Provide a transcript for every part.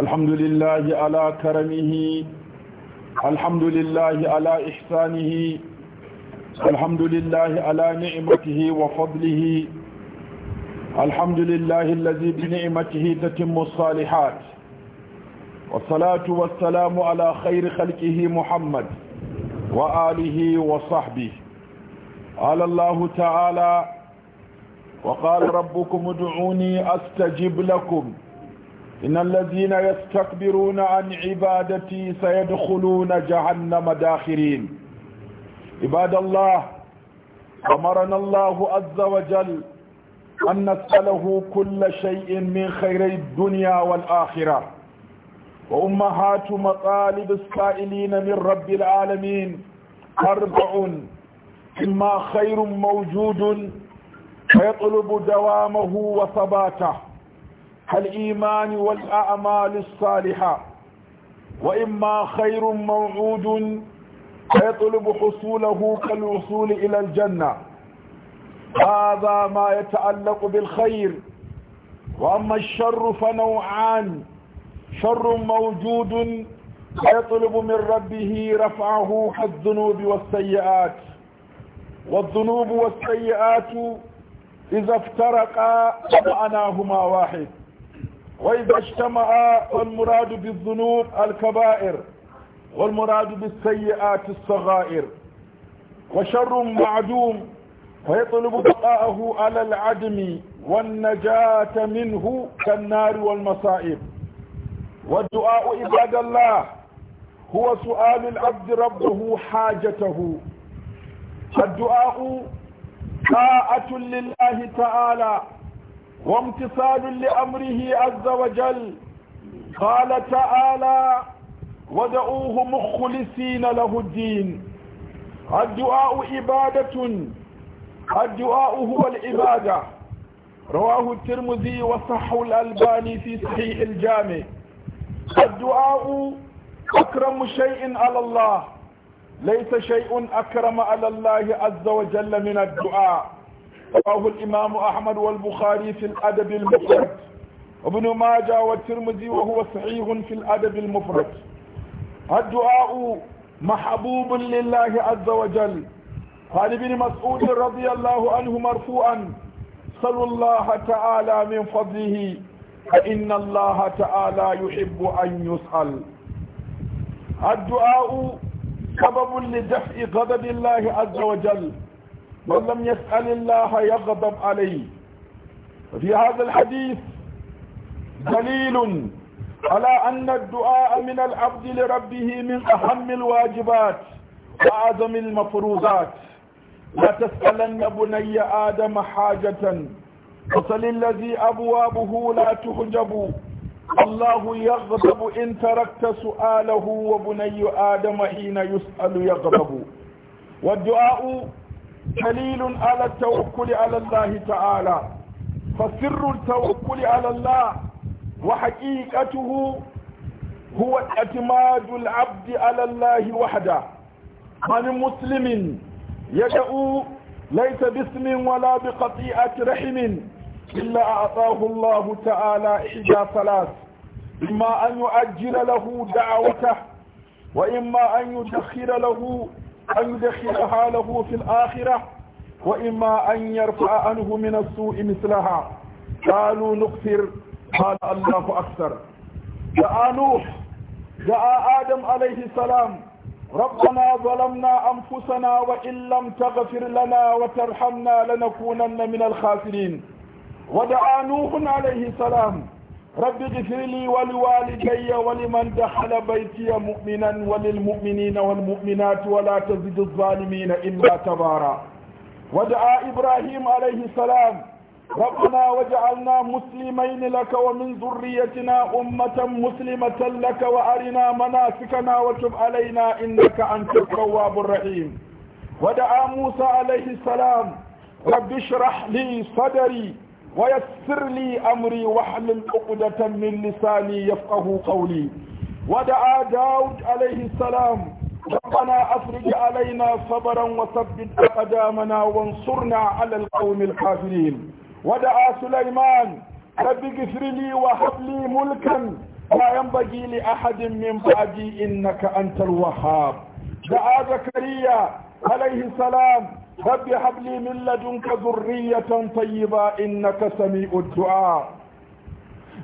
الحمد لله على كرمه الحمد لله على إحسانه الحمد لله على نعمته وفضله الحمد لله الذي بنعمته تتم الصالحات والصلاة والسلام على خير خلقه محمد وآله وصحبه قال الله تعالى وقال ربكم ادعوني أستجب لكم إن الذين يستكبرون عن عبادتي سيدخلون جهنم داخرين عباد الله أمرنا الله عز وجل أن نسأله كل شيء من خير الدنيا والآخرة وأمهات مطالب السائلين من رب العالمين أربع إما خير موجود فيطلب دوامه وثباته كالإيمان والأعمال الصالحة وإما خير موعود فيطلب حصوله كالوصول إلى الجنة هذا ما يتعلق بالخير وأما الشر فنوعان شر موجود فيطلب من ربه رفعه كالذنوب والسيئات والذنوب والسيئات إذا افترقا معناهما واحد وإذا اجتمع والمراد بالذنوب الكبائر والمراد بالسيئات الصغائر وشر معدوم فيطلب بقاءه على العدم والنجاة منه كالنار والمصائب والدعاء عباد الله هو سؤال العبد ربه حاجته الدعاء طاعة لله تعالى وامتصال لأمره عز وجل قال تعالى ودعوه مخلصين له الدين الدعاء عبادة الدعاء هو العبادة رواه الترمذي وصح الألباني في صحيح الجامع الدعاء أكرم شيء على الله ليس شيء أكرم على الله عز وجل من الدعاء رواه الإمام أحمد والبخاري في الأدب المفرد وابن ماجه والترمذي وهو صحيح في الأدب المفرد الدعاء محبوب لله عز وجل قال ابن مسعود رضي الله عنه مرفوعا صلوا الله تعالى من فضله فإن الله تعالى يحب أن يسأل الدعاء سبب لدفع غضب الله عز وجل من لم يسأل الله يغضب عليه في هذا الحديث دليل على أن الدعاء من العبد لربه من أهم الواجبات وأعظم المفروضات لا تسألن بني آدم حاجة فصل الذي أبوابه لا تحجب الله يغضب إن تركت سؤاله وبني آدم حين يسأل يغضب والدعاء دليل على التوكل على الله تعالى فسر التوكل على الله وحقيقته هو اعتماد العبد على الله وحده من مسلم يدعو ليس باسم ولا بقطيعة رحم إلا أعطاه الله تعالى إحدى ثلاث إما أن يؤجل له دعوته وإما أن يدخر له أن يدخلها له في الآخرة وإما أن يرفع عنه من السوء مثلها قالوا نكثر قال الله أكثر دعا نوح دعا آدم عليه السلام ربنا ظلمنا أنفسنا وإن لم تغفر لنا وترحمنا لنكونن من الخاسرين ودعا نوح عليه السلام رب اغفر لي ولوالدي ولمن دخل بيتي مؤمنا وللمؤمنين والمؤمنات ولا تزد الظالمين إلا تبارا ودعا إبراهيم عليه السلام ربنا وجعلنا مسلمين لك ومن ذريتنا أمة مسلمة لك وأرنا مناسكنا وتب علينا إنك أنت التواب الرحيم ودعا موسى عليه السلام رب اشرح لي صدري ويسر لي أمري واحلل عقدة من لساني يفقه قولي ودعا داود عليه السلام ربنا أفرج علينا صبرا وثبت أقدامنا وانصرنا على القوم الكافرين ودعا سليمان رب اغفر لي وهب لي ملكا لا ينبغي لأحد من بعدي إنك أنت الوهاب دعا زكريا عليه السلام رب هب لي من لدنك ذرية طيبة إنك سميع الدعاء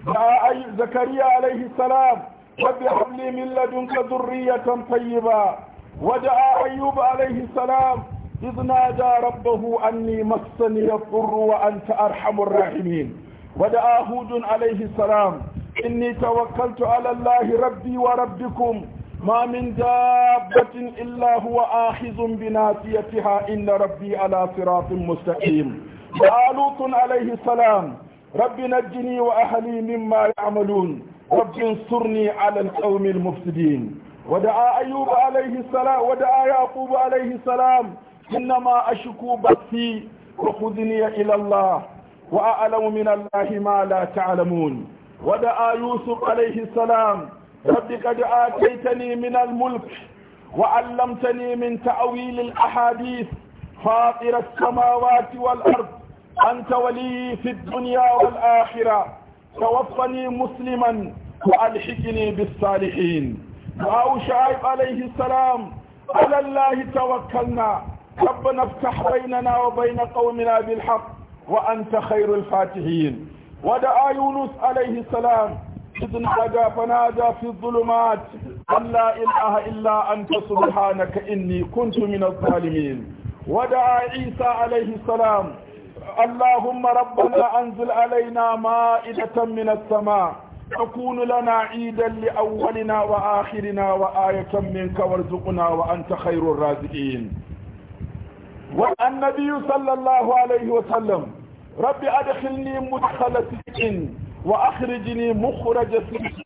دعا زكريا عليه السلام رب هب لي من لدنك ذرية طيبة ودعا أيوب عليه السلام إذ نادى ربه أني مسني الضر وأنت أرحم الراحمين ودعا هود عليه السلام إني توكلت على الله ربي وربكم ما من دابة إلا هو آخذ بناصيتها إن ربي على صراط مستقيم يا لوط عليه السلام رب نجني وأهلي مما يعملون رب انصرني على القوم المفسدين ودعا أيوب عليه السلام ودعا يعقوب عليه السلام إنما أشكو بثي وخذني إلى الله وأعلم من الله ما لا تعلمون ودعا يوسف عليه السلام رب قد آتيتني من الملك وعلمتني من تأويل الأحاديث فاطر السماوات والأرض أنت ولي في الدنيا والآخرة توفني مسلما وألحقني بالصالحين دعاء شعيب عليه السلام على الله توكلنا ربنا افتح بيننا وبين قومنا بالحق وأنت خير الفاتحين ودعا يونس عليه السلام إذ نجا فنادى في الظلمات أن لا إله إلا أنت سبحانك إني كنت من الظالمين ودعا عيسى عليه السلام اللهم ربنا أنزل علينا مائدة من السماء تكون لنا عيدا لأولنا وآخرنا وآية منك وارزقنا وأنت خير الرازقين والنبي صلى الله عليه وسلم رب أدخلني مدخل سجن وأخرجني مخرج سليم